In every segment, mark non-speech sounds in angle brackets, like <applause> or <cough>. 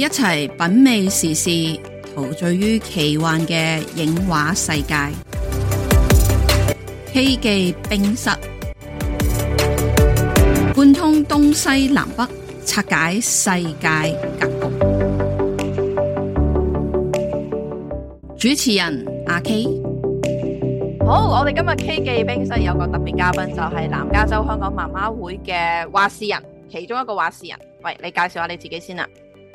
一齊品味時事，陶醉於奇幻嘅影畫世界。K 記冰室貫通東西南北，拆解世界格局。主持人阿 K。好，我哋今日 K 記冰室有個特別嘉賓，就係南加州香港媽媽會嘅話事人，其中一個話事人。喂，你介紹下你自己先啦。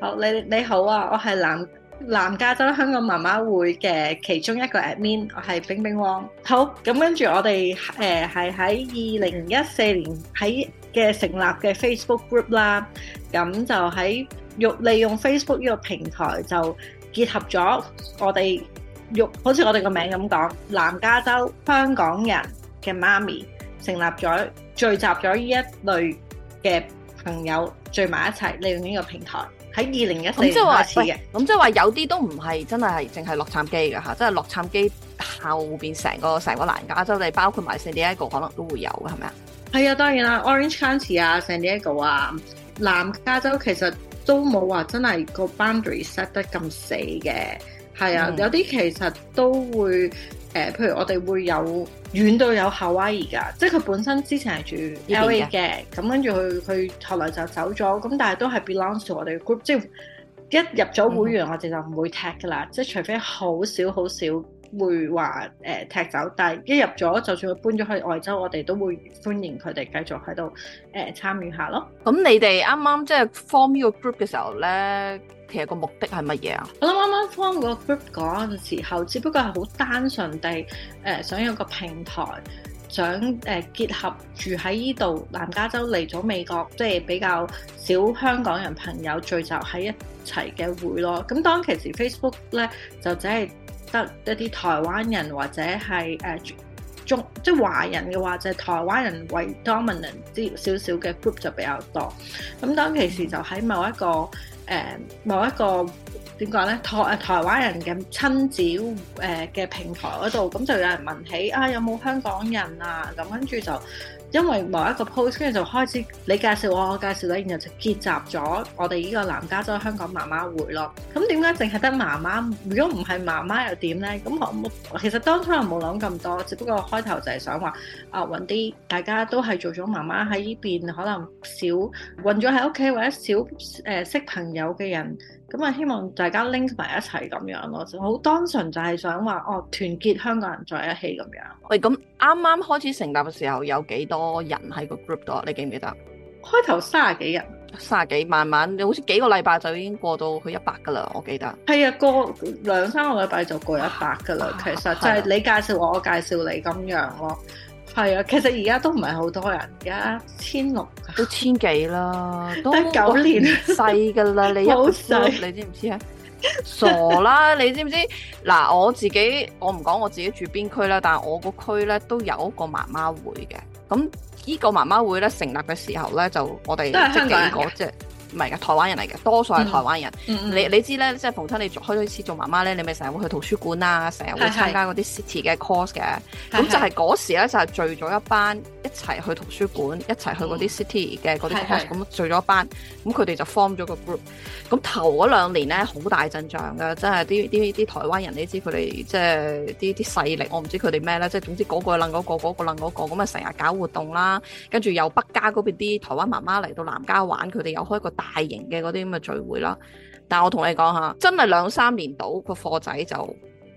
好，你你好啊！我係南南加州香港媽媽會嘅其中一個 admin，我係冰冰王。好，咁跟住我哋誒係喺二零一四年喺嘅成立嘅 Facebook group 啦。咁就喺用利用 Facebook 呢個平台，就結合咗我哋用好似我哋個名咁講南加州香港人嘅媽咪，成立咗聚集咗呢一類嘅朋友聚埋一齊，利用呢個平台。喺二零一四年開始嘅，嗯，咁即係話有啲都唔係真係係淨係洛杉磯嘅吓，即係洛杉磯後邊成個成個南加州，你包括埋 San Diego 可能都會有嘅，係咪啊？係啊，當然啦，Orange County 啊，San Diego 啊，南加州其實都冇話真係個 boundary set 得咁死嘅。係啊，有啲其實都會誒、呃，譬如我哋會有遠到有夏威夷噶，即係佢本身之前係住 LA 嘅，咁跟住佢佢後來就走咗，咁但係都係 belong to 我哋嘅 group，即係一入咗會員，嗯、我哋就唔會踢噶啦，即係除非好少好少會話誒、呃、踢走，但係一入咗，就算佢搬咗去外州，我哋都會歡迎佢哋繼續喺度誒參與下咯。咁你哋啱啱即係 form 呢個 group 嘅時候咧？其實個目的係乜嘢啊？我諗啱啱 form 個 group 講嘅時候，只不過係好單純地誒、呃、想有個平台，想誒、呃、結合住喺依度南加州嚟咗美國，即、就、係、係、比較少香港人朋友聚集喺一齊嘅會咯。咁當其時 Facebook 咧就只係得一啲台灣人或者係誒、呃、中即係華人嘅話，就係、台灣人為 dominant 啲少少嘅 group 就比較多。咁當其時就喺某一個，嗯誒某一個點講咧，台誒台灣人嘅親子誒嘅、呃、平台嗰度，咁就有人問起啊，有冇香港人啊，咁跟住就。因為某一個 post，跟住就開始你介紹我，我介紹你，然後就結集咗我哋呢個南加州香港媽媽會咯。咁點解淨係得媽媽？如果唔係媽媽又點呢？咁我其實當初又冇諗咁多，只不過開頭就係想話啊，揾啲大家都係做咗媽媽喺呢邊，可能少混咗喺屋企或者少誒、呃、識朋友嘅人。咁啊，希望大家 link 埋一齊咁樣咯，好單純就係想話哦，團結香港人在一起咁樣。喂，咁啱啱開始成立嘅時候有幾多人喺個 group 度你記唔記得？開頭三十幾人，三十幾，慢慢好似幾個禮拜就已經過到去一百噶啦，我記得。係啊，過兩三個禮拜就過一百噶啦。啊、其實就係你介紹我，啊、我介紹你咁樣咯。係啊，其實而家都唔係好多人，而家千六，都千幾啦，都九年細噶啦， <laughs> 你一個 <laughs> 你知唔知啊？傻啦，你知唔知？嗱，我自己我唔講我自己住邊區啦，但係我嗰區咧都有一個媽媽會嘅，咁呢個媽媽會咧成立嘅時候咧就我哋即係香港嗰隻。唔係嘅，台灣人嚟嘅，多數係台灣人。嗯、你你知咧，即係逢親你做開咗次做媽媽咧，你咪成日會去圖書館啊，成日會參加嗰啲 city 嘅 course 嘅。咁、嗯、就係嗰時咧，就係、是、聚咗一班一齊去圖書館，嗯、一齊去嗰啲 city 嘅嗰啲 course、嗯。咁、嗯、聚咗一班，咁佢哋就 form 咗個 group。咁、嗯嗯、頭嗰兩年咧，好、嗯、大陣仗㗎，即係啲啲啲台灣人，你知佢哋即係啲啲勢力，我唔知佢哋咩咧？即係總之嗰個楞嗰、嗰個，嗰、嗰個楞嗰、嗰個，咁啊成日搞活動啦，跟住由北加嗰邊啲台灣媽媽嚟到南加玩，佢哋有開個。大型嘅嗰啲咁嘅聚會啦，但係我同你講下，真係兩三年到個貨仔就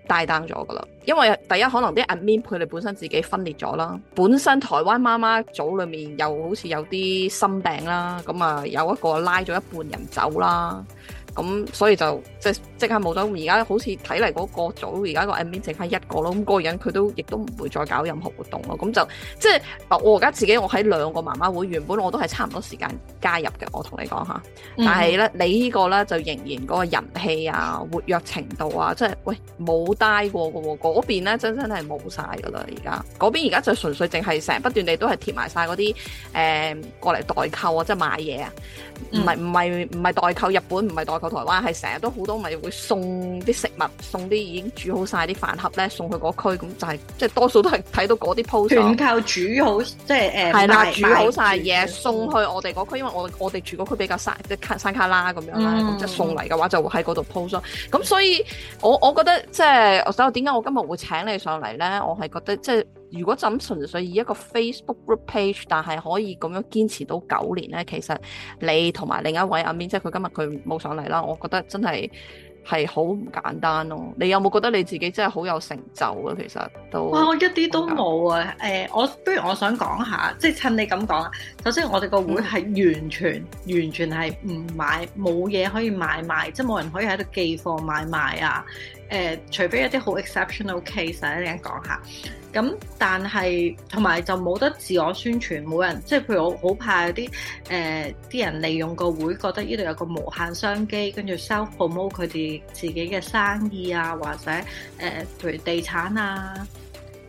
大 down 咗㗎喇，因為第一可能啲 admin 佢哋本身自己分裂咗啦，本身台灣媽媽組裏面又好似有啲心病啦，咁啊有一個拉咗一半人走啦，咁所以就即係。即刻冇咗，而家好似睇嚟嗰個組，而家個 admin 剩翻一個咯。咁嗰個人佢都亦都唔會再搞任何活動咯。咁就即係我而家自己，我喺兩個媽媽會，原本我都係差唔多時間加入嘅。我同你講吓，但係咧、嗯、你個呢個咧就仍然嗰個人氣啊、活躍程度啊，即係喂冇帶過嘅喎。嗰邊咧真真係冇晒㗎啦！而家嗰邊而家就純粹淨係成日不斷地都係貼埋晒嗰啲誒過嚟代購啊，即係買嘢啊，唔係唔係唔係代購日本，唔係代購台灣，係成日都好多咪會。送啲食物，送啲已經煮好晒啲飯盒咧，送去嗰區，咁就係、是、即係多數都係睇到嗰啲 post，全靠煮好，即係誒，係、呃、啦，的煮好晒嘢送去我哋嗰區，因為我我哋住嗰區比較山即係山卡拉咁樣啦，嗯、即係送嚟嘅話就會喺嗰度 post。咁所以我我覺得即係，所以我點解我今日會請你上嚟咧？我係覺得即係如果就咁純粹以一個 Facebook group page，但係可以咁樣堅持到九年咧，其實你同埋另一位阿 Min 即係佢今日佢冇上嚟啦，我覺得真係。係好唔簡單咯，你有冇覺得你自己真係好有成就呀？其實都，哇！我一啲都冇啊，誒、嗯欸，我不如我想講下，即係趁你咁講啊。首先，我哋個會係完全、嗯、完全係唔買，冇嘢可以買賣，即係冇人可以喺度寄貨買賣啊。誒、呃，除非一啲好 exceptional case，我、啊、一陣講下。咁，但係同埋就冇得自我宣傳，冇人即係譬如我好怕有啲誒啲人利用個會，覺得呢度有個無限商機，跟住 self promote 佢哋自己嘅生意啊，或者誒譬、呃、如地產啊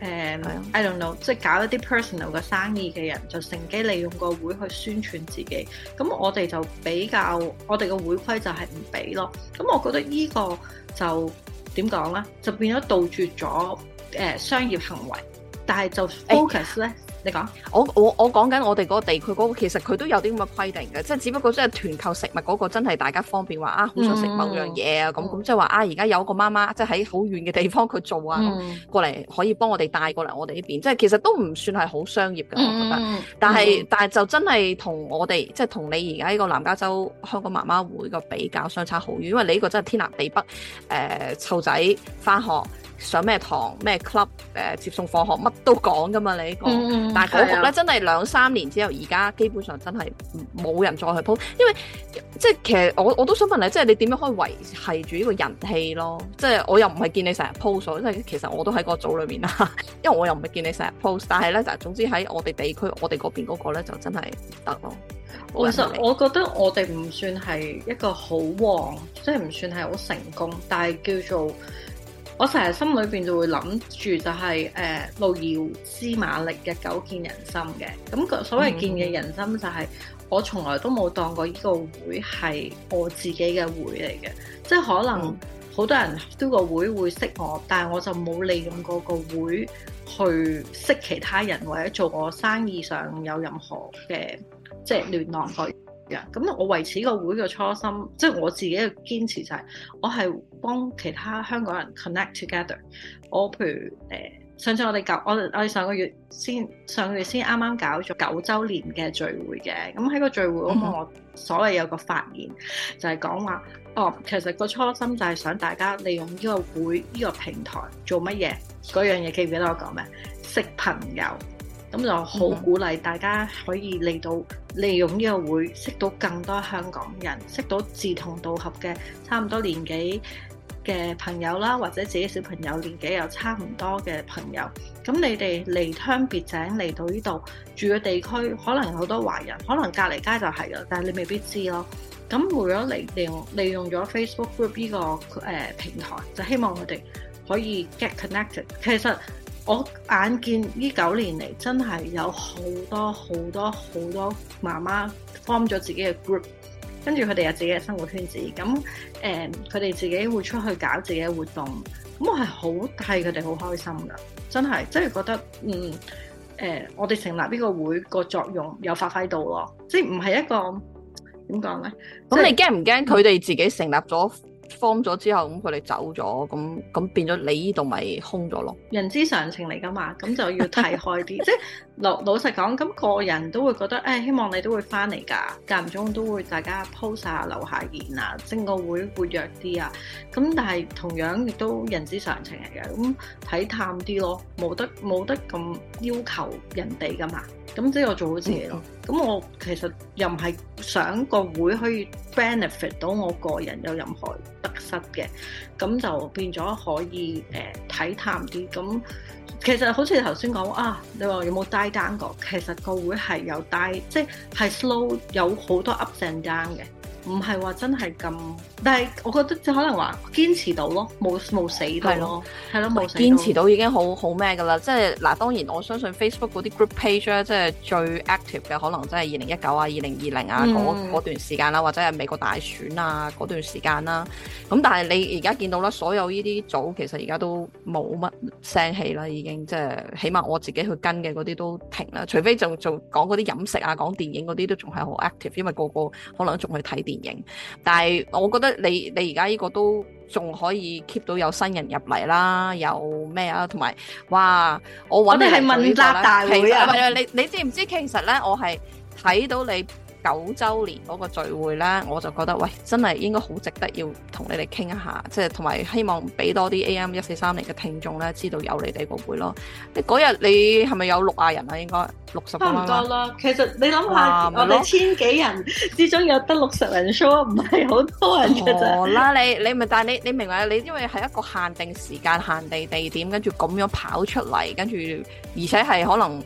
誒、呃、Yeah.，I don't know，即係搞一啲 personal 嘅生意嘅人就乘機利用個會去宣傳自己。咁我哋就比較我哋嘅會規就係唔俾咯。咁我覺得呢個就～點講咧，就變咗杜絕咗誒商業行為，但係就 focus 咧。哎你講，我我我講緊我哋嗰個地區嗰個，其實佢都有啲咁嘅規定嘅，即係只不過即係團購食物嗰個真係大家方便話啊，好想食某樣嘢啊，咁咁即係話啊，而家有個媽媽即係喺好遠嘅地方佢做啊，嗯、過嚟可以幫我哋帶過嚟我哋呢邊，即係其實都唔算係好商業嘅，嗯、我覺得。但係、嗯、但係就真係同我哋即係同你而家呢個南加州香港媽媽會個比較相差好遠，因為你呢個真係天南地北誒，湊、呃、仔翻學。上咩堂咩 club 誒、呃、接送放學乜都講噶嘛你呢、這個，嗯、但係嗰個咧真係兩三年之後而家基本上真係冇人再去 post 因為即係其實我我都想問你，即係你點樣可以維係住呢個人氣咯？即係我又唔係見你成日 post，即係其實我都喺個組裏面啦，因為我又唔係見你成日 post，但係咧就總之喺我哋地區我哋嗰邊嗰個咧就真係得咯。其實我覺得我哋唔算係一個好旺，即係唔算係好成功，但係叫做。我成日心裏邊就會諗住就係、是、誒、呃、路遙知馬力嘅久見人心嘅，咁個所謂見嘅人心就係、是嗯、我從來都冇當過呢個會係我自己嘅會嚟嘅，即係可能好多人都個會會識我，但係我就冇利用過個會去識其他人或者做我生意上有任何嘅即係聯絡佢。咁我維持個會嘅初心，即係我自己嘅堅持就係、是，我係幫其他香港人 connect together。我譬如誒、呃，上次我哋九，我我哋上個月先，上個月先啱啱搞咗九週年嘅聚會嘅，咁喺個聚會，我、嗯、哼我所謂有個發現，就係講話，哦，其實個初心就係想大家利用呢個會呢、這個平台做乜嘢，嗰樣嘢記唔記得我講咩？識朋友。咁就好鼓勵大家可以嚟到、嗯、利用呢個會，識到更多香港人，識到志同道合嘅差唔多年紀嘅朋友啦，或者自己小朋友年紀又差唔多嘅朋友。咁你哋離鄉別井嚟到呢度住嘅地區，可能好多華人，可能隔離街就係嘅，但係你未必知咯。咁如果利用利用咗 Facebook Group 呢、呢個誒、呃、平台，就希望佢哋可以 get connected，其實。我眼見呢九年嚟真係有好多好多好多媽媽 form 咗自己嘅 group，跟住佢哋有自己嘅生活圈子，咁誒佢哋自己會出去搞自己嘅活動，咁我係好替佢哋好開心噶，真係真係覺得嗯誒、嗯嗯，我哋成立呢個會個作用有發揮到咯，即係唔係一個點講咧？咁你驚唔驚佢哋自己成立咗？form 咗之後，咁佢哋走咗，咁咁變咗你呢度咪空咗咯？人之常情嚟㗎嘛，咁就要睇開啲， <laughs> 即係。老老實講咁，個人都會覺得，誒、哎、希望你都會翻嚟㗎，間唔中都會大家 post 下留下言啊，整個會活躍啲啊。咁但係同樣亦都人之常情嚟嘅，咁睇淡啲咯，冇得冇得咁要求人哋㗎嘛。咁即係我做好自己咯。咁，嗯嗯、我其實又唔係想個會可以 benefit 到我個人有任何得失嘅，咁就變咗可以誒睇淡啲。咁、呃、其實好似頭先講啊，你話有冇帶？帶低單個其實個會係有低，即係係 slow 有好多 ups and down 嘅唔係話真係咁，但係我覺得就可能話堅持到咯，冇冇死係咯，係咯冇堅持到已經好好咩㗎啦！即係嗱、啊，當然我相信 Facebook 啲 group page 咧，即係最 active 嘅，可能真係二零一九啊、二零二零啊嗰、嗯、段時間啦，或者係美國大選啊段時間啦。咁但係你而家見到啦所有呢啲組其實而家都冇乜聲氣啦，已經即係起碼我自己去跟嘅啲都停啦。除非就就講啲飲食啊、講電影啲都仲係好 active，因為個個可能仲去睇電影。但係，我覺得你你而家呢個都仲可以 keep 到有新人入嚟啦，有咩啊？同埋，哇！我搵，你哋係文摘大會啊！你你知唔知？其實咧，我係睇到你。九周年嗰個聚會咧，我就覺得喂，真係應該好值得要同你哋傾一下，即係同埋希望俾多啲 AM 一四三零嘅聽眾咧，知道有你哋個會咯。你嗰日你係咪有六啊人啊？應該六十差唔多啦。啊、其實你諗下，啊、我哋千幾人，之中有得六十人 show，唔係好多人嘅啫。哦啦，你你咪，但係你你明白啦，你因為係一個限定時間、限定地點，跟住咁樣跑出嚟，跟住而且係可能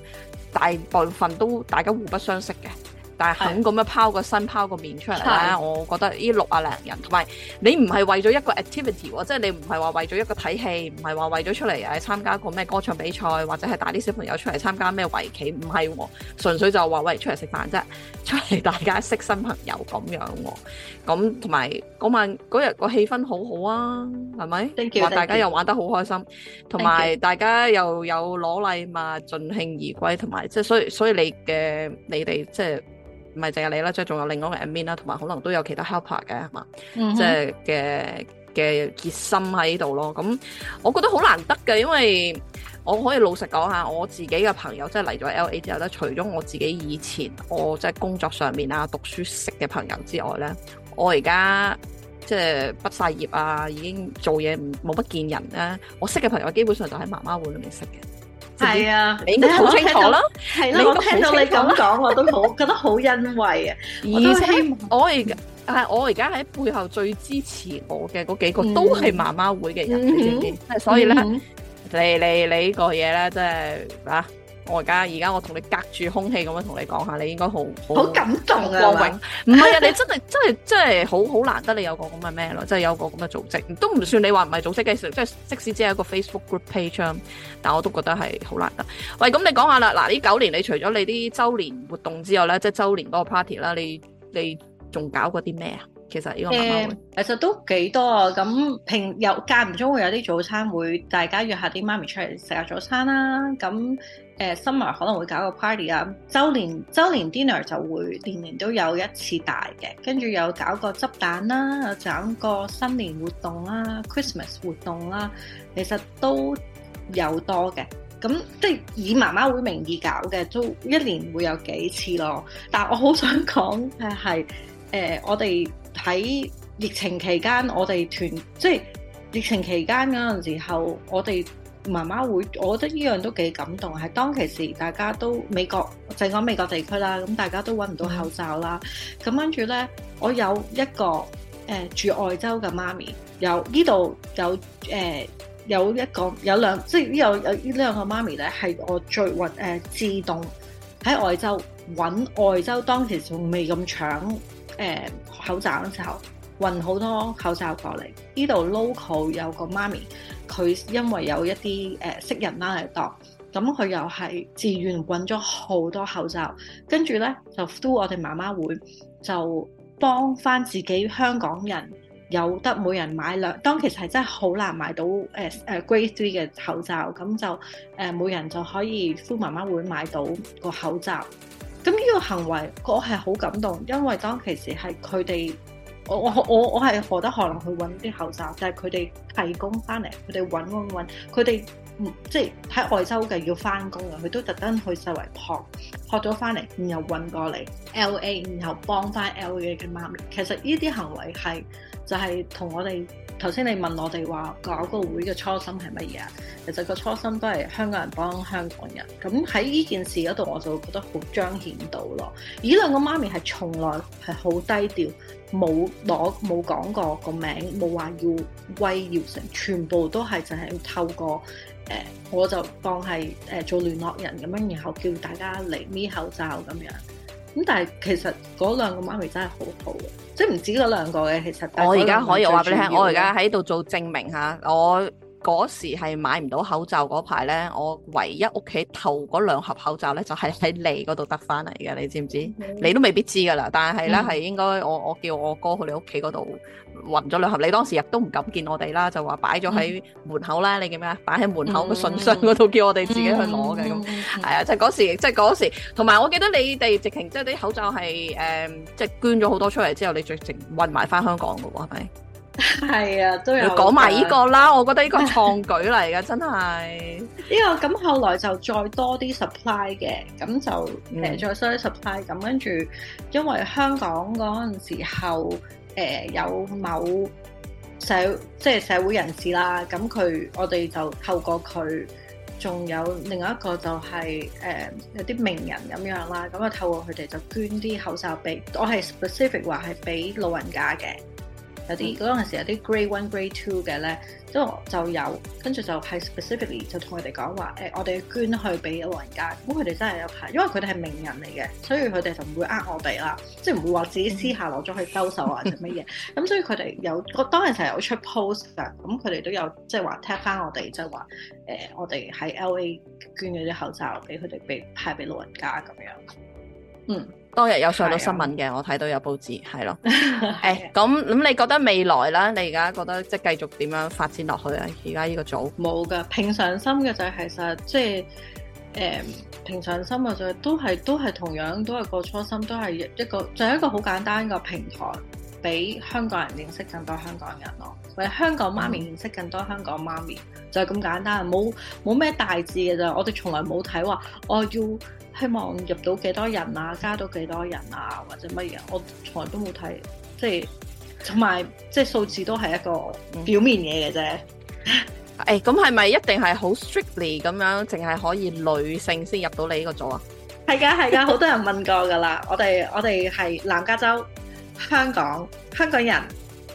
大部分都大家互不相識嘅。但係肯咁樣拋個身拋個面出嚟咧，的我覺得呢六啊零人同埋你唔係為咗一個 activity，即係你唔係話為咗一個睇戲，唔係話為咗出嚟誒參加個咩歌唱比賽，或者係帶啲小朋友出嚟參加咩圍棋，唔係喎，純粹就話喂出嚟食飯啫，出嚟大家識新朋友咁樣喎。咁同埋嗰晚嗰日個氣氛好好啊，係咪話大家又玩得好開心，同埋大家又有攞禮物，盡興而歸，同埋即係所以所以你嘅你哋即係。就是唔係淨係你啦，即係仲有另外一個 admin 啦，同埋可能都有其他 helper 嘅，係嘛？Mm hmm. 即係嘅嘅熱心喺度咯。咁我覺得好難得嘅，因為我可以老實講下，我自己嘅朋友即係嚟咗 LA 之後咧，除咗我自己以前我即係工作上面啊、讀書識嘅朋友之外咧，我而家即係畢曬業啊，已經做嘢唔冇乜見人啦、啊。我識嘅朋友基本上就喺媽媽會裏面識嘅。係啊，你應該好清楚咯，係啦、啊，我聽到你咁講， <laughs> 我都好，覺得好欣慰啊！我都希望，我而，但係我而家喺背後最支持我嘅嗰幾個都係媽媽會嘅人，所以咧、嗯哼，你你你呢個嘢咧，真係啊！我而家而家我同你隔住空氣咁樣同你講下，你應該好好感動啊，光榮。唔係啊，你真係真係真係好好難得，你有個咁嘅咩咯？即係有個咁嘅組織，都唔算你話唔係組織嘅事。即係即使只係一個 Facebook group page，但我都覺得係好難得。喂，咁你講下啦，嗱，呢九年你除咗你啲周年活動之後咧，即係周年嗰個 party 啦，你你仲搞過啲咩啊？其實呢個媽媽會、嗯，其實都幾多啊。咁平又間唔中會有啲早餐會，大家約下啲媽咪出嚟食下早餐啦。咁 Summer、呃、可能會搞個 party 啊，周年週年 dinner 就會年年都有一次大嘅，跟住又搞個執蛋啦，又搞個新年活動啦，Christmas 活動啦，其實都有多嘅。咁即係以媽媽會名義搞嘅，都一年會有幾次咯。但係我好想講係誒，我哋喺疫情期間，我哋團即係疫情期間嗰陣時候，我哋。媽媽會，我覺得呢樣都幾感動。係當其時大家都美國，就講美國地區啦，咁大家都揾唔到口罩啦。咁跟住咧，我有一個誒、呃、住外州嘅媽咪，有呢度有誒、呃、有一個有兩，即係有有兩媽媽呢兩個媽咪咧，係我最搵誒、呃、自動喺外州揾外州當時仲未咁搶誒口罩嘅時候。運好多口罩過嚟，呢度 local 有個媽咪，佢因為有一啲誒識人拉嚟當，咁佢又係自願揾咗好多口罩，跟住咧就 through 我哋媽媽會就幫翻自己香港人有得每人買兩，當其時係真係好難買到誒誒、呃呃、grade three 嘅口罩，咁就誒、呃、每人就可以 through 媽媽會買到個口罩。咁呢個行為我係好感動，因為當其時係佢哋。我我我我係何德何能去揾啲口罩，但係佢哋替工翻嚟，佢哋揾揾揾，佢哋即係喺外州嘅要翻工啊，佢都特登去周圍撲撲咗翻嚟，然後運過嚟 L A，然後幫翻 L A 嘅媽咪。其實呢啲行為係就係、是、同我哋頭先你問我哋話搞個會嘅初心係乜嘢？其實個初心都係香港人幫香港人。咁喺呢件事嗰度，我就覺得好彰顯到咯。而兩個媽咪係從來係好低調。冇攞冇講過個名，冇話要威要成，全部都係淨係透過誒、呃，我就當係誒、呃、做聯絡人咁樣，然後叫大家嚟搣口罩咁樣。咁但係其實嗰兩個媽咪真係好好，即係唔止嗰兩個嘅，其實我而家可以話俾你聽，我而家喺度做證明吓我。嗰時係買唔到口罩嗰排咧，我唯一屋企頭嗰兩盒口罩咧，就係、是、喺你嗰度得翻嚟嘅，你知唔知？嗯、你都未必知噶啦。但係咧，係、嗯、應該我我叫我哥去你屋企嗰度運咗兩盒。你當時亦都唔敢見我哋啦，就話擺咗喺門口啦。嗯、你叫咩啊？擺喺門口嘅信箱嗰度，叫我哋自己去攞嘅咁。係、嗯嗯嗯嗯、啊，即係嗰時，即係嗰時。同埋我記得你哋直情即係啲口罩係誒，即、嗯、係、就是、捐咗好多出嚟之後，你直情運埋翻香港嘅喎，係咪？係 <laughs> 啊，都有講埋呢個啦。 <laughs> 我覺得呢個創舉嚟嘅，真係。呢、 <laughs> 這個咁後來就再多啲 supply 嘅，咁就誒、嗯、再收啲 supply。咁跟住，因為香港嗰陣時候誒、呃、有某社即係社會人士啦，咁佢我哋就透過佢，仲有另外一個就係、是、誒、呃、有啲名人咁樣啦，咁啊透過佢哋就捐啲口罩俾我係 specific 話係俾老人家嘅。有啲嗰陣時有啲 grade one grade two 嘅咧，都就，就有跟住就係 specifically 就同佢哋講話，誒、欸、我哋捐去俾老人家，咁佢哋真係有派，因為佢哋係名人嚟嘅，所以佢哋就唔會呃我哋啦，即係唔會話自己私下攞咗去收手或者乜嘢，咁、 <laughs> 嗯、所以佢哋有嗰當陣時有出 post 嘅，咁佢哋都有即係話 tap 返我哋，即係話誒我哋喺 LA 捐嗰啲口罩俾佢哋，俾派俾老人家咁樣，嗯。當日有上到新聞嘅，的我睇到有報紙，係咯。誒、 <laughs> 哎，咁咁，你覺得未來啦？你而家覺得即係繼續點樣發展落去啊？而家呢個組冇㗎，平常心嘅就係其實即係誒平常心嘅就係、是、都係都係同樣都係個初心，都係一個就係、是、一個好簡單嘅平台，俾香港人認識更多香港人咯，或者香港媽咪認識更多香港媽，媽，媽咪，就係咁簡單，冇冇咩大志嘅啫，我哋從來冇睇話我要。希望入到幾多人啊？加到幾多人啊？或者乜嘢？我從來都冇睇，即係同埋即係數字都係一個表面嘢嘅啫。誒、嗯，咁係咪一定係好 strictly 咁樣，淨係可以女性先入到你呢個組啊？係噶係噶，好多人問過噶啦。 <laughs> 我哋我哋係南加州，香港香港人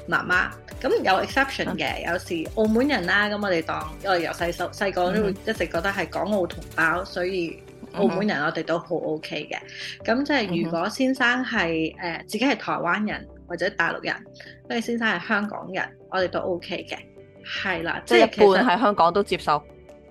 媽媽，咁有 exception 嘅，嗯、有時澳門人啦，咁我哋當因為由細細個都會一直覺得係港澳同胞，所以。澳門人我哋都好 OK 嘅，咁即係如果先生係誒、呃、自己係台灣人或者大陸人，或者先生係香港人，我哋都 OK 嘅，係啦，即係一半喺香港都接受，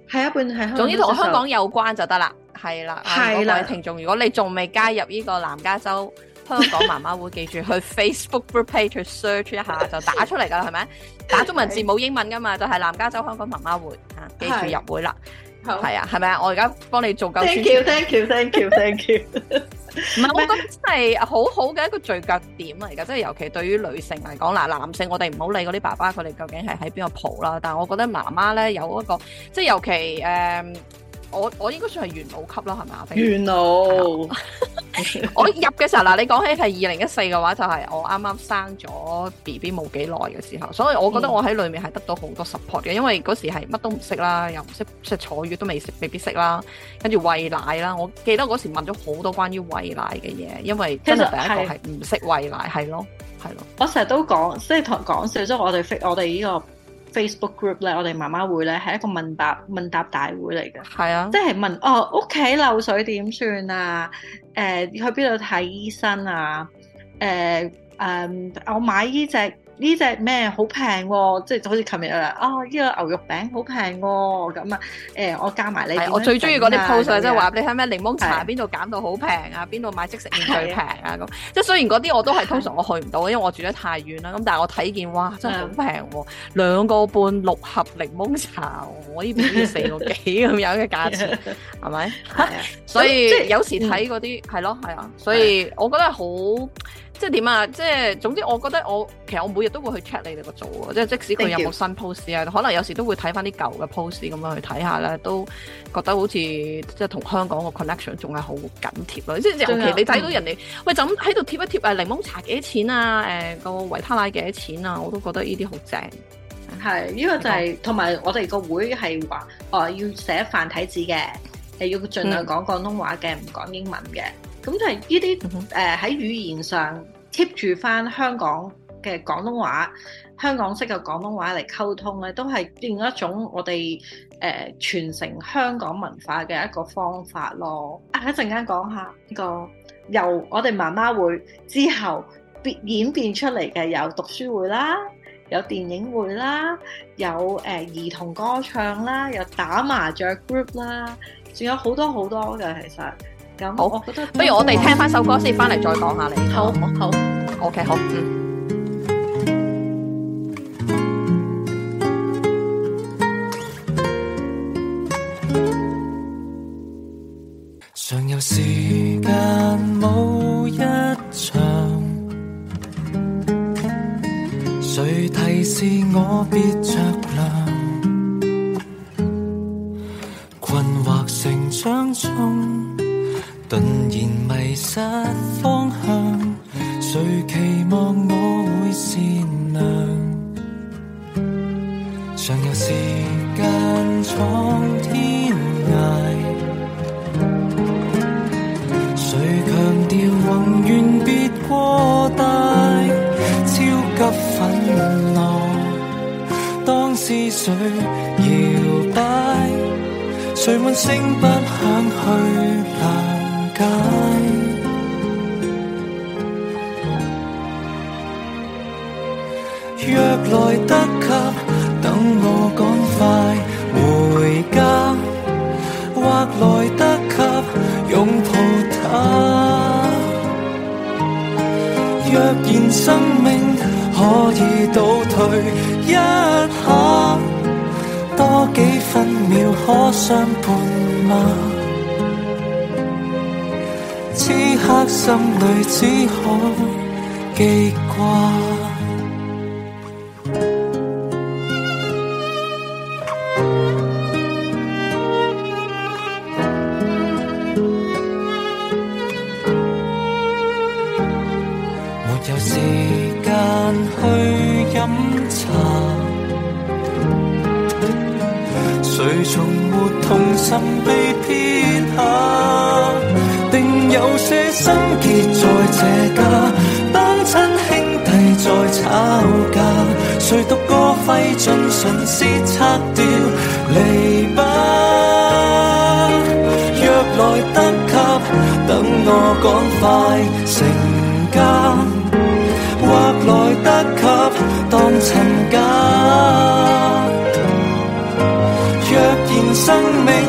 係一半係。總之同香港有關就得啦，係啦。係啦，聽眾，的如果你仲未加入呢個南加州香港媽媽會，記住去 Facebook group page search 一下就打出嚟噶啦，係咪？打中文字冇英文噶嘛，就係南加州香港媽媽會嚇，記住入會啦。係好啊，係咪啊？我而家幫你做夠。Thank you, thank you, thank you, thank you <laughs> <laughs> 是。唔係，我覺得真係好好嘅一個聚腳點啊！而家即係尤其對於女性嚟講，嗱，男性我哋唔好理嗰啲爸爸，佢哋究竟係喺邊個蒲啦。但係我覺得媽媽咧有一個，即係尤其誒、呃，我我應該算係元老級啦，係咪啊？元老。 <laughs> 我入嘅時候嗱，你講起係二零一四嘅話，就係我啱啱生咗 B B 冇幾耐嘅時候，所以我覺得我喺裏面係得到好多 support 嘅，因為嗰時係乜都唔識啦，又唔識識坐月都未，未必識啦，跟住餵奶啦，我記得嗰時問咗好多關於餵奶嘅嘢，因為真係第一個係唔識餵奶係咯，係咯，我成日都講，即係同講笑即係，我哋識，我哋呢個。Facebook group 咧，我哋媽媽會咧，係一個問答問答大會嚟嘅。係啊，即係問哦屋企漏水點算啊？誒、呃、去邊度睇醫生啊？誒、呃、誒、呃、我買呢隻。呢隻咩好平喎？即係好似琴日啊，哦，呢個牛肉餅好平喎，咁啊，誒我加埋你，我最中意嗰啲 post，即係話啲咩檸檬茶邊度減到好平啊，邊度買即食麵最平啊，咁即係雖然嗰啲我都係通常我去唔到，因為我住得太遠啦，咁但係我睇見哇真係好平，兩個半六盒檸檬茶，我呢邊先四個幾咁樣嘅價錢，係咪？所以即係有時睇嗰啲係咯，係啊，所以我覺得好。即係點啊？即係總之，我覺得我其實我每日都會去 check 你哋個組啊，即係即使佢有冇新 post 啊，謝謝可能有時都會睇翻啲舊嘅 post 咁樣去睇下啦，都覺得好似即係同香港個 connection 仲係好緊貼咯。了即係尤其你睇到人哋、嗯、喂就咁喺度貼一貼誒檸檬茶幾多錢啊誒個、呃、維他奶幾多錢啊，我都覺得呢啲好正。係，呢、這、為、個、就係同埋我哋個會係話誒要寫繁體字嘅，係要盡量講廣東話嘅，唔、嗯、講英文嘅。咁就係呢啲誒喺語言上 keep 住翻香港嘅廣東話、香港式嘅廣東話嚟溝通咧，都係變咗一種我哋誒、呃、傳承香港文化嘅一個方法咯。啊、一陣間講下呢、呢個由我哋媽媽會之後變演變出嚟嘅，有讀書會啦，有電影會啦，有誒、呃、兒童歌唱啦，有打麻雀 group 啦，仲有好多好多嘅其實。好，不如我哋聽翻首歌先，翻嚟再講下你。好，好，好 <music> ，OK，好，嗯。上有時間舞一場，誰提示我別着涼？頓然迷失方向，誰期望我會善良？尚有時間闖天涯，誰強調宏願別過大？超級憤怒，當思緒搖擺，誰問聲不想去？若來得及，等我趕快回家；或來得及，擁抱他。若然生命可以倒退一下，多幾分秒可相伴嗎？此刻心裏只可記掛。揮盡唇絲拆掉籬笆，若來得及，等我趕快成家，或來得及當襯家。若然生命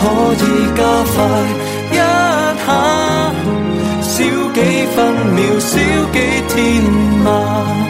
可以加快一下，少幾分秒，少幾天嗎？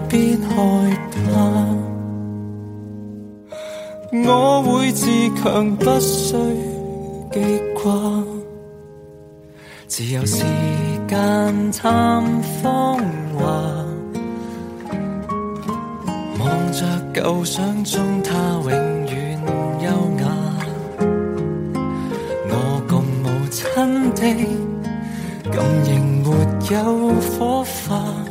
害怕，我會自強，不需記掛。只有時間探芳華，望着舊相中她永遠優雅。我共母親的感應沒有火花。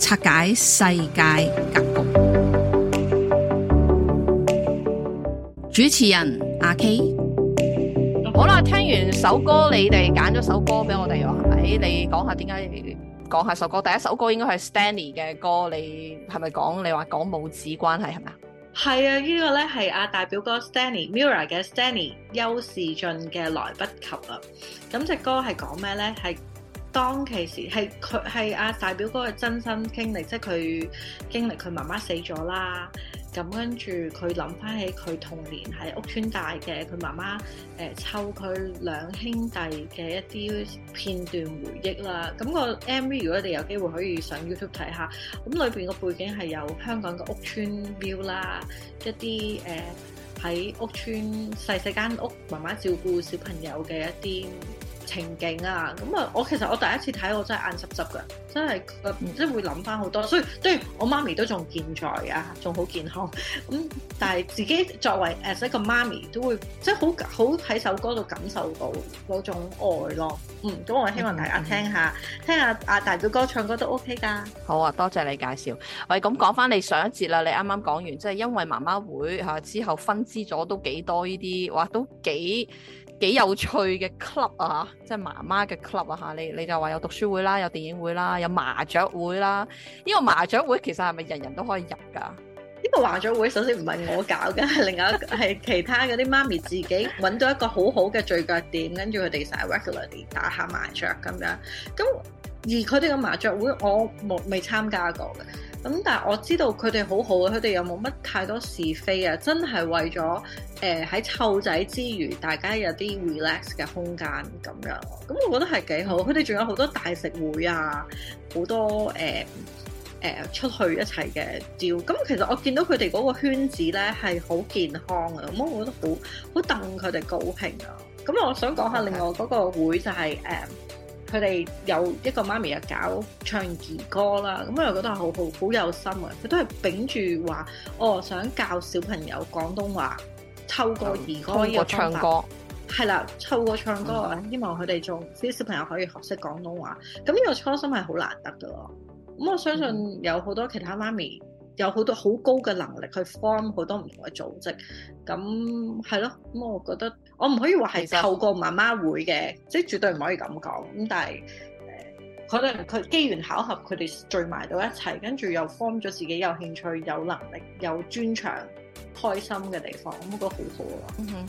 拆解世界格局。主持人阿 K，好啦，聽完首歌，你哋揀咗首歌俾我哋，係、欸、咪？你講下點解？講下首歌，第一首歌應該係 Stanley 嘅歌，你係咪講？你話講母子關係係咪啊？係、這個、啊，呢個咧係阿大表哥 Stanley Mirror 嘅 Stanley 邱士縉嘅來不及啦。咁隻歌係講咩咧？係。當其時係佢係阿大表哥嘅親身經歷，即係佢經歷佢媽媽死咗啦。咁跟住佢諗翻起佢童年喺屋村大嘅，佢媽媽誒湊佢兩兄弟嘅一啲片段回憶啦。咁個 MV 如果你有機會可以上 YouTube 睇下，咁裏邊個背景係有香港嘅屋村 view 啦，一啲誒喺屋村細細間屋媽媽照顧小朋友嘅一啲。情景啊，咁、嗯、啊，我其實我第一次睇我真係眼濕濕嘅，真係，唔知、嗯、會諗翻好多。所以，對我媽咪都仲健在啊，仲好健康。咁、嗯、但係自己作為 a 一個媽咪，都會即係好好喺首歌度感受到嗰種愛咯。嗯，咁我希望大家聽下，嗯、聽下阿大表哥唱歌都 OK 噶。好啊，多謝你介紹。喂，咁講翻你上一節啦，你啱啱講完，即、就、係、是、因為媽媽會吓、啊、之後分支咗都幾多呢啲，哇，都幾～幾有趣嘅 club 啊，即係媽媽嘅 club 啊嚇，你你就話有讀書會啦，有電影會啦，有麻雀會啦。呢個麻雀會其實係咪人人都可以入噶？呢個麻雀會首先唔係我搞嘅，係 <laughs> 另外係其他嗰啲媽咪自己揾到一個好好嘅聚腳點，跟住佢哋成日 regularly 打下麻雀咁樣咁。而佢哋嘅麻雀會，我冇未參加過嘅。咁但係我知道佢哋好好嘅，佢哋又冇乜太多是非啊！真係為咗誒喺湊仔之餘，大家有啲 relax 嘅空間咁樣。咁我覺得係幾好。佢哋仲有好多大食會啊，好多誒誒、呃呃、出去一齊嘅釣。咁、嗯、其實我見到佢哋嗰個圈子咧係好健康啊！咁、嗯、我覺得好好戥佢哋高興啊。咁我想講下另外嗰個會就係、是、誒。嗯嗯佢哋有一個媽咪又搞唱兒歌啦，咁我又覺得好好好有心嘅，佢都係秉住話，哦想教小朋友廣東話，透、嗯、過兒歌嚟唱歌，係啦，透過唱歌啊，嗯、希望佢哋仲啲小朋友可以學識廣東話，咁呢個初心係好難得嘅咯。咁我相信有好多其他媽咪有好多好高嘅能力去 form 好多唔同嘅組織，咁係咯，咁我覺得。我唔可以話係透過媽媽會嘅，即係絕對唔可以咁講。咁但係，誒、呃，佢哋佢機緣巧合，佢哋聚埋到一齊，跟住又 form 咗自己有興趣、有能力、有專長。開心嘅地方，我覺得好好啊。嗯哼，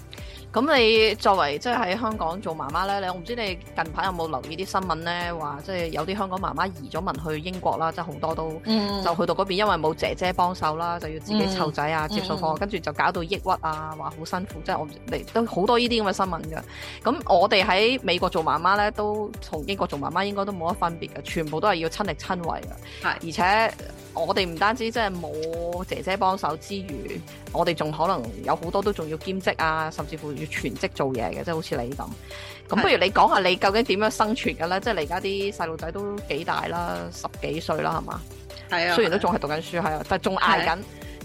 咁你作為即係喺香港做媽媽呢？我你我唔知你近排有冇留意啲新聞呢？話即係有啲香港媽媽移咗民去英國啦，即係好多都、嗯、就去到嗰邊，因為冇姐姐幫手啦，就要自己湊仔啊，嗯、接受課，跟住就搞到抑鬱啊，話好辛苦，嗯、即係我你都好多呢啲咁嘅新聞嘅。咁我哋喺美國做媽媽呢，都同英國做媽媽應該都冇乜分別嘅，全部都係要親力親為啊。而且我哋唔單止即係冇姐姐幫手之餘，我哋仲可能有好多都仲要兼職啊，甚至乎要全職做嘢嘅，即係好似你咁。咁不如你講下你究竟點樣生存嘅啦，的即係你而家啲細路仔都幾大啦，十幾歲啦，係嘛？係啊的。雖然都仲係讀緊書，係啊，但係仲捱緊。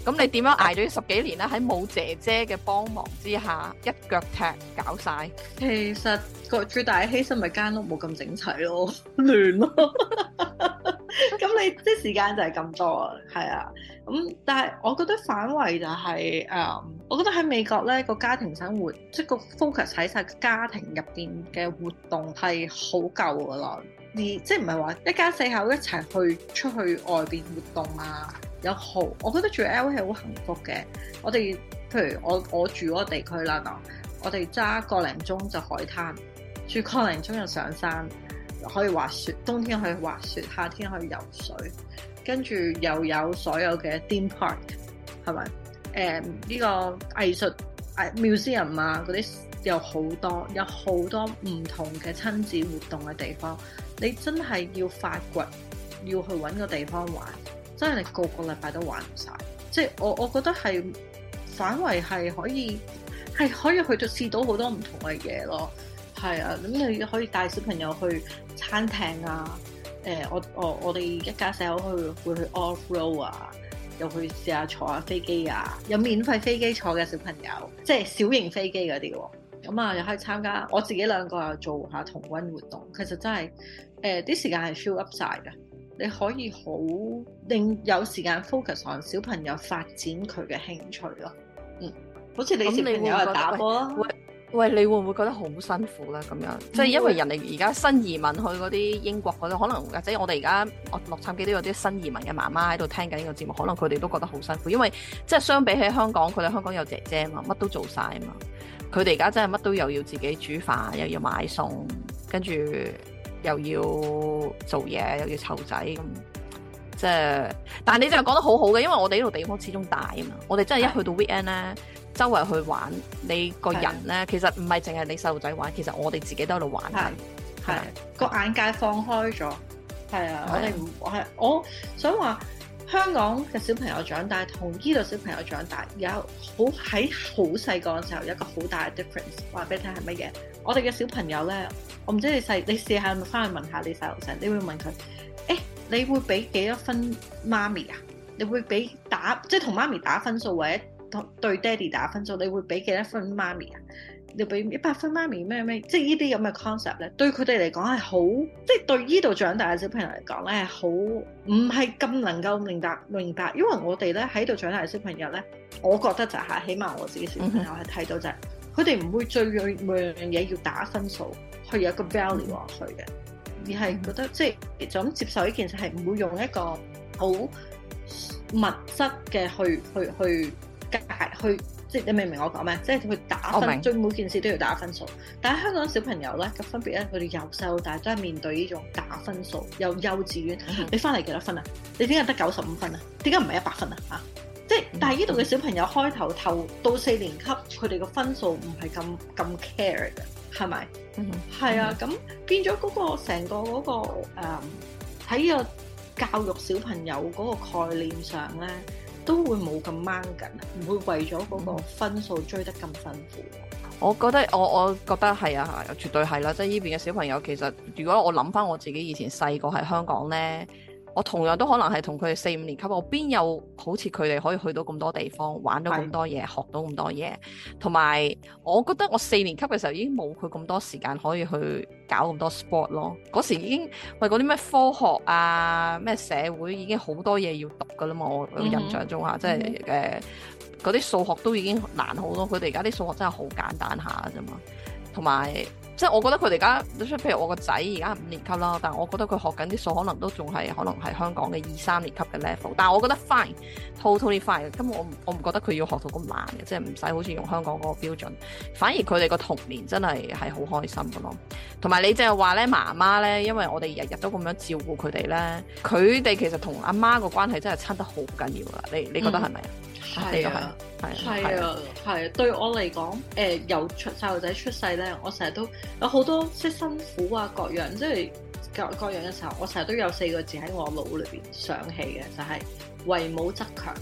咁你點樣挨咗十幾年咧、啊？喺冇姐姐嘅幫忙之下，一腳踢搞晒。其實個最大嘅犧牲咪間屋冇咁整齊咯，亂咯。咁 <laughs> 你即係 <laughs> 時間就係咁多，係啊。咁、嗯、但係我覺得反為就係、是、誒、嗯，我覺得喺美國咧個家庭生活，即、就、係、是、個 focus 喺晒家庭入邊嘅活動係好夠噶啦。你即係唔係話一家四口一齊去出去外邊活動啊？有好，我覺得住 LA 係好幸福嘅。我哋譬如我我住嗰個地區啦，嗱，我哋揸個零鐘就海灘，住個零鐘就上山，可以滑雪，冬天可以滑雪，夏天可以游水，跟住又有所有嘅 theme park 係咪？誒、嗯、呢、這個藝術誒 museum 啊嗰啲有好多，有好多唔同嘅親子活動嘅地方，你真係要發掘，要去揾個地方玩。真係你個個禮拜都玩唔晒。即係我我覺得係反為係可以係可以去到試到好多唔同嘅嘢咯，係啊，咁你可以帶小朋友去餐廳啊，誒，我我我哋一家四口去會去 off road 啊，又去試下坐下飛機啊，有免費飛機坐嘅小朋友，即係小型飛機嗰啲喎，咁啊又可以參加我自己兩個又做下童軍活動，其實真係誒啲時間係 fill up 晒㗎。你可以好令有時間 focus on 小朋友發展佢嘅興趣咯，嗯，好似你小朋友係打波，喂喂，你會唔會覺得好辛苦啦？咁樣即係因為人哋而家新移民去嗰啲英國嗰啲，嗯、可能或者我哋而家洛杉磯都有啲新移民嘅媽媽喺度聽緊呢個節目，可能佢哋都覺得好辛苦，因為即係相比起香港，佢哋香港有姐姐啊嘛，乜都做晒啊嘛，佢哋而家真係乜都又要自己煮飯，又要買餸，跟住。又要做嘢，又要湊仔咁，即係、就是，但係你就講得好好嘅，因為我哋呢度地方始終大啊嘛，我哋真係一去到 weekend 咧，的周圍去玩，你個人咧，的其實唔係淨係你細路仔玩，其實我哋自己都喺度玩緊，係個眼界放開咗，係啊，我哋唔，我係我想話。香港嘅小朋友長大同呢度小朋友長大有好喺好細個嘅時候有一個好大嘅 difference，話俾你聽係乜嘢？我哋嘅小朋友咧，我唔知你細，你試下咪翻去問下你細路仔，你會問佢，誒、欸，你會俾幾多分媽咪啊？你會俾打，即係同媽咪打分數，或者同對爹哋打分數，你會俾幾多分媽咪啊？你俾一百分媽咪咩咩，即係呢啲咁嘅 concept 咧，對佢哋嚟講係好，即係對呢度長大嘅小朋友嚟講咧係好，唔係咁能夠明白明白，因為我哋咧喺度長大嘅小朋友咧，我覺得就係、是，起碼我自己小朋友係睇到就係、是，佢哋唔會最每樣樣嘢要打分數，去，有一個 value 落去嘅，而係覺得即係就咁接受呢件事，係唔會用一個好物質嘅去去去介去。去去去去你明唔明我講咩？即係佢打分，對、oh, 每件事都要打分數。但係香港小朋友咧，咁分別咧，佢哋由細到大都係面對呢種打分數。由幼稚園，mm hmm. 你翻嚟幾多分啊？你點解得九十五分啊？點解唔係一百分啊？嚇、啊！即係，但係呢度嘅小朋友開頭頭到四年級，佢哋嘅分數唔係咁咁 care 嘅，係咪？係、mm hmm. 啊，咁變咗嗰個成個嗰、嗰個誒喺、嗯、個教育小朋友嗰個概念上咧。都會冇咁掹緊，唔會為咗嗰個分數追得咁辛苦。我覺得，我我覺得係啊，係，絕對係啦，啊。即係呢邊嘅小朋友，其實如果我諗翻我自己以前細個喺香港咧。我同樣都可能係同佢哋四五年級，我邊有好似佢哋可以去到咁多地方，玩到咁多嘢，學到咁多嘢。同埋我覺得我四年級嘅時候已經冇佢咁多時間可以去搞咁多 sport 咯。嗰時已經喂，嗰啲咩科學啊、咩社會已經好多嘢要讀㗎喇嘛。我印象中吓，嗯哼，即係誒嗰啲數學都已經難好多。佢哋而家啲數學真係好簡單下啫嘛。同埋。即係我覺得佢哋而家，譬如我個仔而家五年級啦，但係我覺得佢學緊啲數可能都仲係，可能係香港嘅二三年級嘅 level，但係我覺得 fine，totally fine,、totally fine。咁我我唔覺得佢要學到咁慢嘅，即係唔使好似用香港嗰個標準。反而佢哋個童年真係係好開心嘅咯。同埋你淨係話咧，媽媽咧，因為我哋日日都咁樣照顧佢哋咧，佢哋其實同阿媽個關係真係親得好緊要啦。你你覺得係咪？嗯係啊，係啊，係、啊啊啊。對我嚟講，誒、呃、由出細路仔出世咧，我成日都有好多即辛苦啊，各樣即係各各樣嘅時候，我成日都有四個字喺我腦裏邊想起嘅，就係、是、為母則強。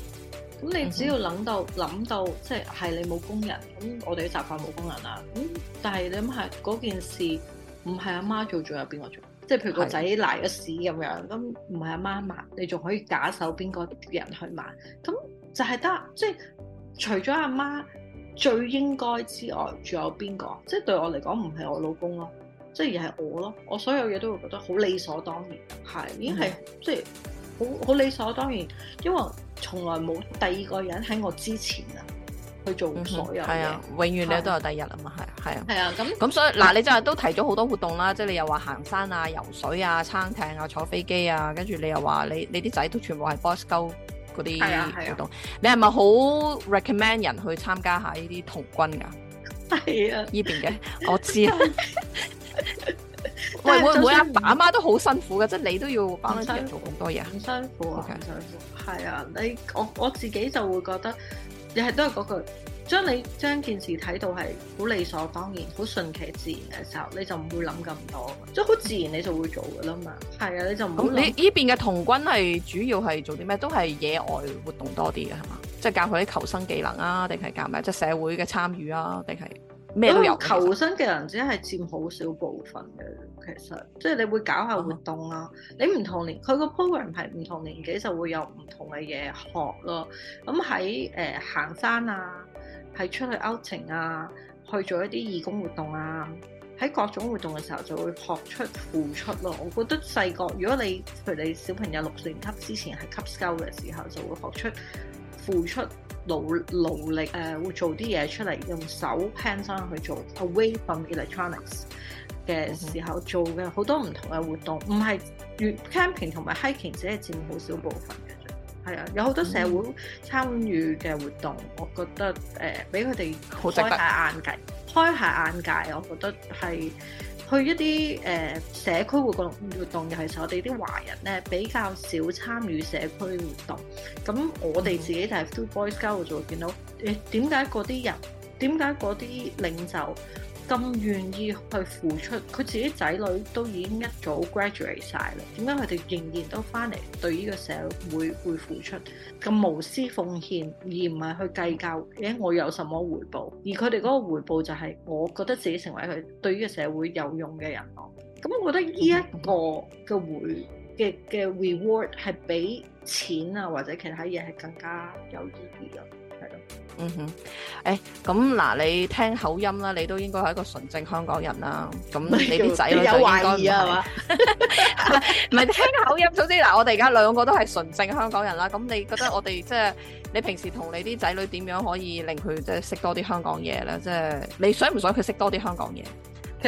咁你只要諗到諗、嗯、哼到，到，即係係你冇工人，咁我哋習慣冇工人啦、啊。咁、嗯、但係你諗下嗰件事，唔係阿媽做，仲有邊個做？即係譬如，的如個仔瀨咗屎咁樣，咁唔係阿媽抹，你仲可以假手邊個人去抹。咁就係得即係除咗阿媽，媽最應該之外，仲有邊個？即係對我嚟講，唔係我老公咯，即係而係我咯。我所有嘢都會覺得好理所當然，係已經係、嗯、即係好好理所當然，因為從來冇第二個人喺我之前啊去做所有嘢。嗯嗯、啊，永遠你都有第二日啊嘛，係係啊。係啊，咁咁所以嗱，你就係都提咗好多活動啦，即係你又話行山啊、游水啊、撐艇啊、坐飛機啊，跟住你又話你你啲仔都全部係 Boy Scout 嗰啲活動，啊啊、你係咪好 recommend 人去參加下呢啲童軍㗎？係啊，依邊嘅我知啊。 <laughs> 喂，會唔會阿爸阿媽都好辛苦㗎？即係你都要幫佢哋做咁多嘢，好辛，辛苦啊，唔 Okay. 辛苦。係 <laughs> 啊，你我我自己就會覺得，亦係都係嗰句。將你將件事睇到係好理所當然、好順其自然嘅時候，你就唔會諗咁多，即係好自然你就會做㗎啦嘛。係啊， <laughs> 你就咁。你呢邊嘅童軍係主要係做啲咩？都係野外活動多啲嘅係嘛？即係教佢啲求生技能啊，定係教咩？即係社會嘅參與啊，定係咩都有？求生技能只係佔好少部分嘅，其實即係你會搞下活動啊。嗯、你唔同年，佢個 program 係唔同年紀就會有唔同嘅嘢學咯。咁喺誒行山啊～係出去 outing 啊，去做一啲義工活動啊，喺各種活動嘅時候就會學出付出咯。我覺得細個如果你譬如你小朋友六年級之前係吸收嘅時候，就會學出付出勞勞力誒、呃，會做啲嘢出嚟，用手 hands-on 去做 away from electronics 嘅時候，嗯、哼做嘅好多唔同嘅活動，唔係越 camping 同埋 hiking 只係佔好少部分嘅。係啊，有好多社會參與嘅活動，嗯、我覺得誒，俾佢哋開大眼界，開下眼界，我覺得係去一啲誒、呃、社區活動活動，尤其係我哋啲華人咧比較少參與社區活動，咁我哋自己就係 Two Boys Go 就會見到誒，點解嗰啲人，點解嗰啲領袖，咁願意去付出，佢自己仔女都已經一早 graduate 晒啦。點解佢哋仍然都翻嚟對呢個社會會付出咁無私奉獻，而唔係去計較，誒、哎、我有什麼回報？而佢哋嗰個回報就係、是、我覺得自己成為佢對呢個社會有用嘅人咯。咁我覺得呢一個嘅回嘅嘅 reward 係比錢啊或者其他嘢係更加有意義咯。嗯哼，誒、哎，咁、嗯、嗱，你聽口音啦，你都應該係一個純正香港人啦。咁你啲仔女就應該唔係。唔係 <music> <laughs> 聽口音，總之嗱，我哋而家兩個都係純正香港人啦。咁 <laughs> 你覺得我哋即係你平時同你啲仔女點樣可以令佢即係識多啲香港嘢咧？即係你想唔想佢識多啲香港嘢，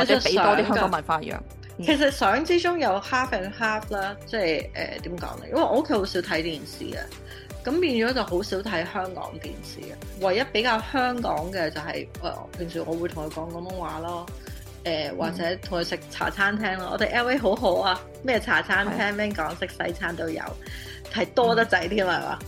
或者俾多啲香港文化佢、嗯？其實想之中有 half and half 啦，即係誒點講咧？因為我屋企好少睇電視啊。咁變咗就好少睇香港電視嘅，唯一比較香港嘅就係、是、誒，平時我會同佢講廣東話咯，誒、呃、或者同佢食茶餐廳咯。嗯、我哋 L A 好好啊，咩茶餐廳、咩、哦、港式西餐都有，係多得滯添係嘛？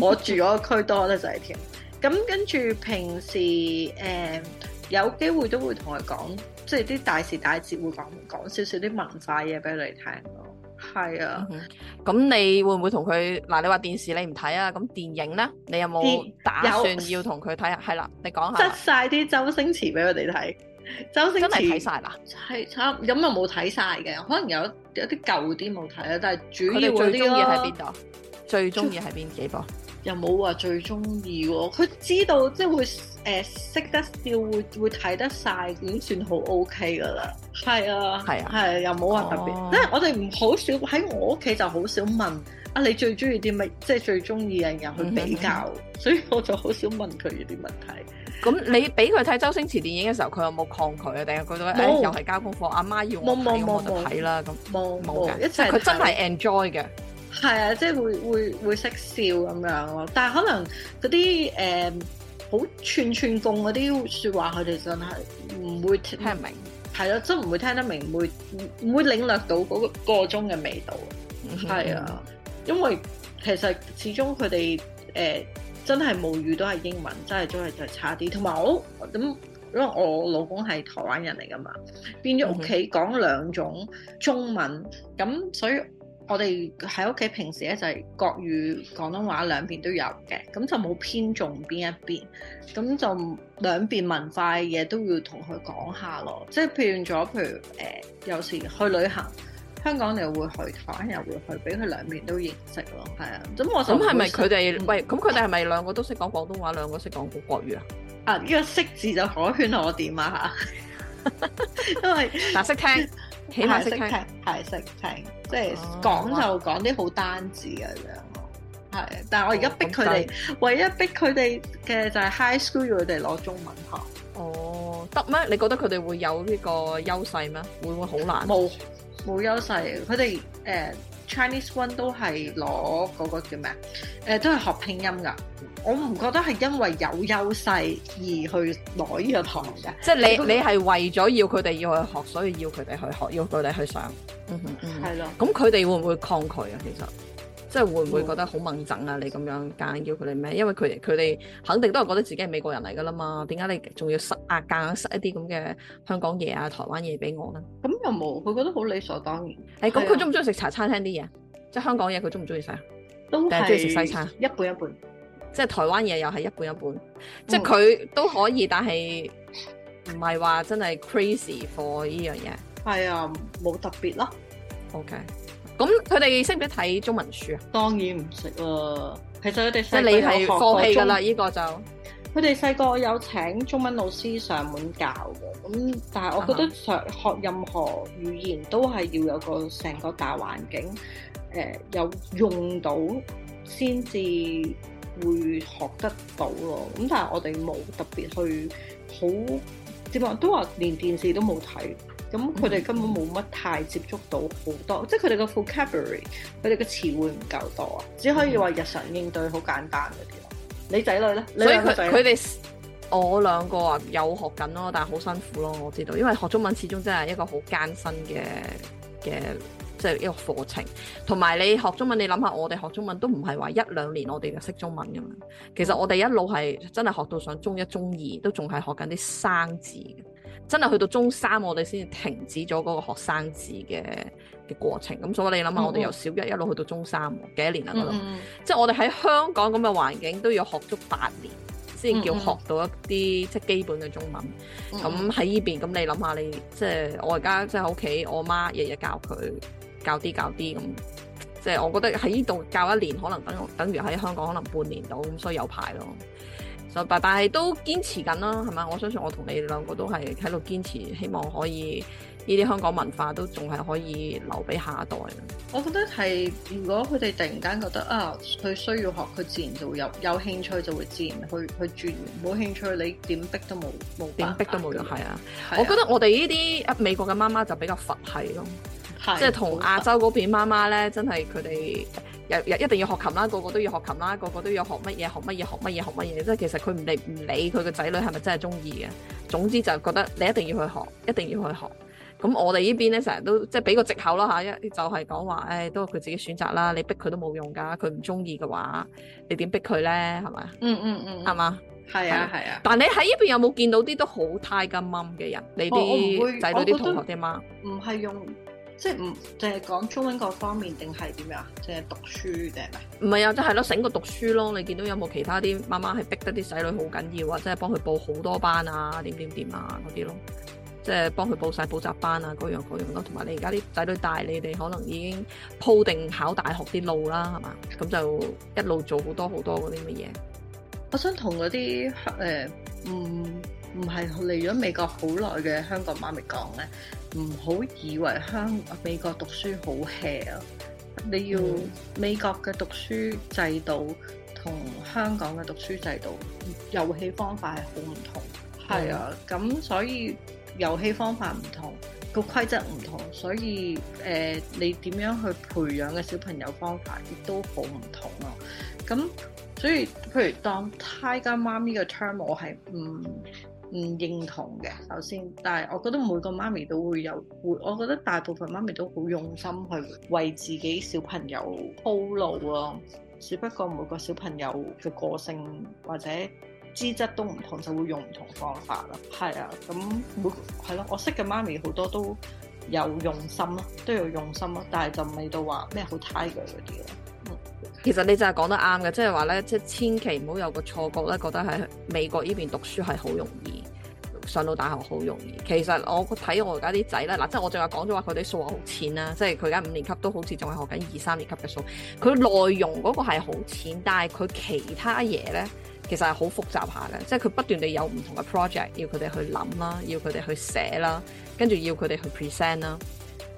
我住嗰個區多得滯添。咁跟住平時誒、呃、有機會都會同佢講，即係啲大時大節會講講少少啲文化嘢俾佢哋聽。係啊，咁、嗯嗯、你會唔會同佢嗱？你話電視你唔睇啊，咁電影咧，你有冇打算要同佢睇啊？係、欸、啦，你講下。塞晒啲周星馳俾佢哋睇，周星馳真睇晒啦。係差咁又冇睇晒嘅，可能有有啲舊啲冇睇啊，但係主要我哋最中意喺邊度？最中意喺邊幾部？最又冇話最中意喎，佢知道即係會誒、呃、識得笑，會會睇得晒，已經算好 OK 嘅啦。係啊，係啊，係又冇話特別，即係、哦、我哋唔好少喺我屋企就好少問啊你最中意啲乜，即、就、係、是、最中意嘅人去比較，嗯、哼所以我就好少問佢呢啲問題。咁你俾佢睇周星馳電影嘅時候，佢有冇抗拒啊？定係佢覺得沒、哎、又係交功課？阿媽，媽要我睇我就睇啦，咁冇嘅，即係佢真係 enjoy 嘅。係啊，即係會會會識笑咁樣咯，但係可能嗰啲誒好串串貢嗰啲說話，佢哋真係唔會聽得明。係咯，真唔會聽得明，唔會唔會領略到嗰個個中嘅味道。係、嗯、哼啊，因為其實始終佢哋誒真係母語都係英文，真係真係就係差啲。同埋我咁，因為我老公係台灣人嚟噶嘛，變咗屋企講兩種中文，咁、嗯、哼所以。我哋喺屋企平時咧就係、是、國語、廣東話兩邊都有嘅，咁就冇偏重邊一邊，咁就兩邊文化嘅嘢都要同佢講下咯。即係變咗，譬如誒、呃，有時去旅行，香港又會去，台灣又會去，俾佢兩邊都認識咯。係、嗯、啊，咁我諗係咪佢哋？嗯、喂，咁佢哋係咪兩個都識講廣東話，兩個識講國語啊？啊，呢個識字就可圈可點啊嚇， <laughs> 因為嗱，識 <laughs> 聽。係識聽，係識聽，即係是講、哦、就講啲好單字嘅樣囉。係哇，但係我而家逼佢哋，哦、唯一逼佢哋嘅就係 high school 要佢哋攞中文學。哦，得咩？你覺得佢哋會有呢個優勢咩？會唔會好難？冇冇優勢。佢哋誒 Chinese one 都係攞嗰個叫咩？誒、uh，都係學拼音㗎。我唔覺得係因為有優勢而去攞呢個堂嘅，即係你、嗯、你係為咗要佢哋要去學，所以要佢哋去學，要佢哋去上，嗯係咯。咁佢哋會唔會抗拒啊？其實，即係會唔會覺得好掹憎啊？嗯、你咁樣夾硬叫佢哋咩？因為佢哋佢哋肯定都係覺得自己係美國人嚟噶啦嘛。點解你仲要塞壓夾硬塞一啲咁嘅香港嘢啊、台灣嘢俾我呢？咁又冇佢覺得好理所當然。誒、欸，咁佢中唔中意食茶餐廳啲嘢，啊？即係香港嘢，佢中唔中意食？都係中意食西餐，一半一半。即係台灣嘢又係一半一半，嗯、即係佢都可以，但係唔係話真係 crazy for 呢樣嘢。係啊，冇特別咯。OK，咁佢哋識唔識睇中文書啊？當然唔識啦。其實佢哋即係你係放屁噶啦，呢、呢個就佢哋細個有請中文老師上門教嘅。咁但係我覺得學任何語言都係要有個成個大環境，誒、呃、有用到先至。會學得到咯，咁但係我哋冇特別去好，點話都話連電視都冇睇，咁佢哋根本冇乜太接觸到好多，嗯、即係佢哋個 vocabulary，佢哋嘅詞彙唔夠多啊，只可以話日常應對好簡單啲咯、嗯。你仔女咧？所以佢佢哋，我兩個啊有學緊咯，但係好辛苦咯，我知道，因為學中文始終真係一個好艱辛嘅嘅。即係一個課程，同埋你學中文，你諗下，我哋學中文都唔係話一兩年，我哋就識中文㗎嘛。其實我哋一路係真係學到上中一、中二，都仲係學緊啲生字，真係去到中三，我哋先停止咗嗰個學生字嘅嘅過程。咁所以你諗下，我哋由小一一路去到中三，mm hmm. 幾多年啊嗰度？Mm hmm. 即係我哋喺香港咁嘅環境都要學足八年，先叫學到一啲、mm hmm. 即係基本嘅中文。咁喺呢邊，咁你諗下，你即係我而家即係喺屋企，我媽日日教佢。教啲教啲咁，即係我覺得喺呢度教一年，可能等於等於喺香港可能半年到，咁所以有排咯。所以但但係都堅持緊啦，係咪？我相信我同你兩個都係喺度堅持，希望可以呢啲香港文化都仲係可以留俾下一代。我覺得係如果佢哋突然間覺得啊，佢需要學，佢自然就會有有興趣就會自然去去轉；冇興趣你點逼都冇冇，點逼都冇用。係啊，啊我覺得我哋呢啲美國嘅媽媽就比較佛系咯。即係同亞洲嗰邊媽媽咧，真係佢哋日日一定要學琴啦，個個都要學琴啦，個個都要學乜嘢，學乜嘢，學乜嘢，學乜嘢，即係其實佢唔理唔理佢個仔女係咪真係中意嘅，總之就係覺得你一定要去學，一定要去學。咁我哋呢邊咧，成日都即係俾個借口咯吓，一就係講話，誒、哎、都係佢自己選擇啦，你逼佢都冇用噶，佢唔中意嘅話，你點逼佢咧？係咪、嗯？嗯嗯嗯，係嘛吧？係啊係啊。啊但你喺呢邊有冇見到啲都好太 i g 嘅人？你啲仔、哦、女啲同學啲媽唔係用。即係唔淨係講中文嗰方面，定係點樣？即係讀書定係咩？唔係啊，即係咯，整個讀書咯。你見到有冇其他啲媽媽係逼得啲仔女好緊要啊？即係幫佢報好多班啊，點點點啊嗰啲咯。即係幫佢報晒補習班啊，嗰樣嗰樣咯。同埋你而家啲仔女大，你哋可能已經鋪定考大學啲路啦，係嘛？咁就一路做好多好多嗰啲乜嘢。我想同嗰啲誒，唔唔係嚟咗美國好耐嘅香港媽咪講咧。唔好以為香美國讀書好 hea 啊！你要美國嘅讀書制度同香港嘅讀書制度遊戲方法係好唔同，係、嗯、啊，咁所以遊戲方法唔同，個規則唔同，所以誒、呃、你點樣去培養嘅小朋友方法亦都好唔同咯、啊。咁所以譬如當 tiger 媽咪嘅 term 我係唔。嗯唔認同嘅，首先，但係我覺得每個媽咪都會有，會我覺得大部分媽咪都好用心去為自己小朋友鋪路咯、啊。只不過每個小朋友嘅個性或者資質都唔同，就會用唔同方法啦。係啊，咁每係咯、啊，我識嘅媽咪好多都有用心咯，都有用心咯，但係就未到話咩好 Tiger 嗰啲咯。其實你真係講得啱嘅，即係話咧，即係千祈唔好有個錯覺咧，覺得喺美國呢邊讀書係好容易，上到大學好容易。其實我睇我而家啲仔咧，嗱、就是，即係我正話講咗話佢哋數學好淺啦，即係佢而家五年級都好似仲係學緊二三年級嘅數，佢內容嗰個係好淺，但係佢其他嘢咧，其實係好複雜下嘅，即係佢不斷地有唔同嘅 project 要佢哋去諗啦，要佢哋去寫啦，跟住要佢哋去 present 啦。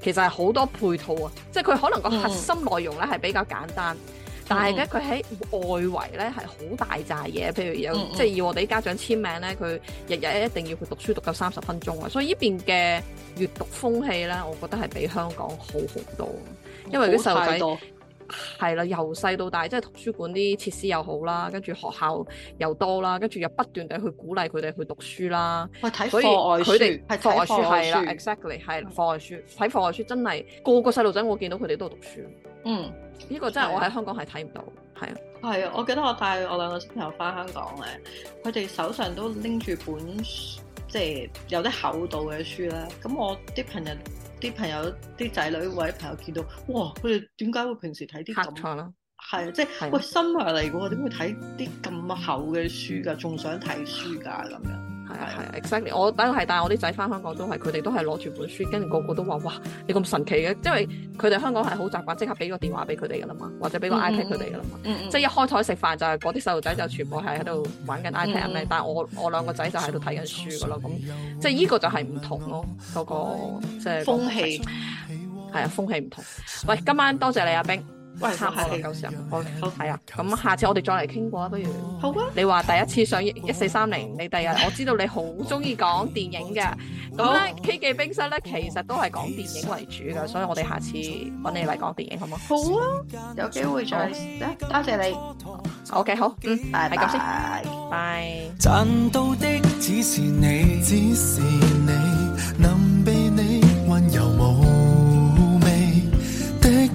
其實係好多配套啊，即係佢可能個核心內容咧係比較簡單，嗯、但係咧佢喺外圍咧係好大扎嘢，譬如有嗯嗯即係要我哋啲家長簽名咧，佢日日一定要去讀書讀夠三十分鐘啊，所以呢邊嘅閱讀風氣咧，我覺得係比香港好好多，嗯、因為啲細路仔。係啦，由細到大，即係圖書館啲設施又好啦，跟住學校又多啦，跟住又不斷地去鼓勵佢哋去讀書啦。睇課外書，係課外書係啦，exactly 係課外書睇課外書真係個個細路仔，我見到佢哋都喺度讀書。嗯，呢個真係我喺香港係睇唔到。係啊的，係啊，我記得我帶我兩個小朋友返香港咧，佢哋手上都拎住本即係有啲厚度嘅書咧。咁我啲朋友。啲朋友、啲仔女、或者朋友見到，哇！佢哋點解會平時睇啲？咁啦，啊、係啊，即係的喂，心新嚟嘅喎，點會睇啲咁厚嘅書㗎？仲想睇書㗎咁樣？係啊係啊，exactly！我第一係帶我啲仔翻香港都係，佢哋都係攞住本書，跟住個個都話：哇！你咁神奇嘅？因為佢哋香港係好習慣，即刻俾個電話俾佢哋噶啦嘛，或者俾個 iPad 佢哋噶啦嘛。嗯嗯、即係一開台食飯就係嗰啲細路仔就全部係喺度玩緊 iPad、嗯、但係我我兩個仔就喺度睇緊書噶啦。咁即係呢個就係唔同咯，嗰、嗰個即係、就係、風氣係啊， <laughs> 風氣唔同。喂，今晚多謝，謝你啊，冰。喂，好好，係啊，咁下次我哋再嚟傾過啊，不如好啊。你話第一次上1430，你第日我知道你好中意講電影嘅，咁咧 K 記冰室咧其實都係講電影為主㗎，所以我哋下次揾你嚟講電影好唔好？好啊，有機會再啦，多謝你。OK，好，嗯，係咁先！拜拜，的你，你，你能再柔拜。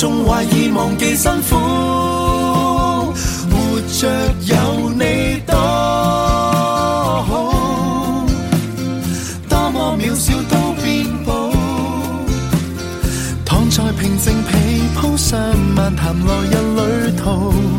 縱懷疑忘記辛苦，活着有你多好，多麼渺小都變寶。躺在平靜被鋪上，漫談來日旅途。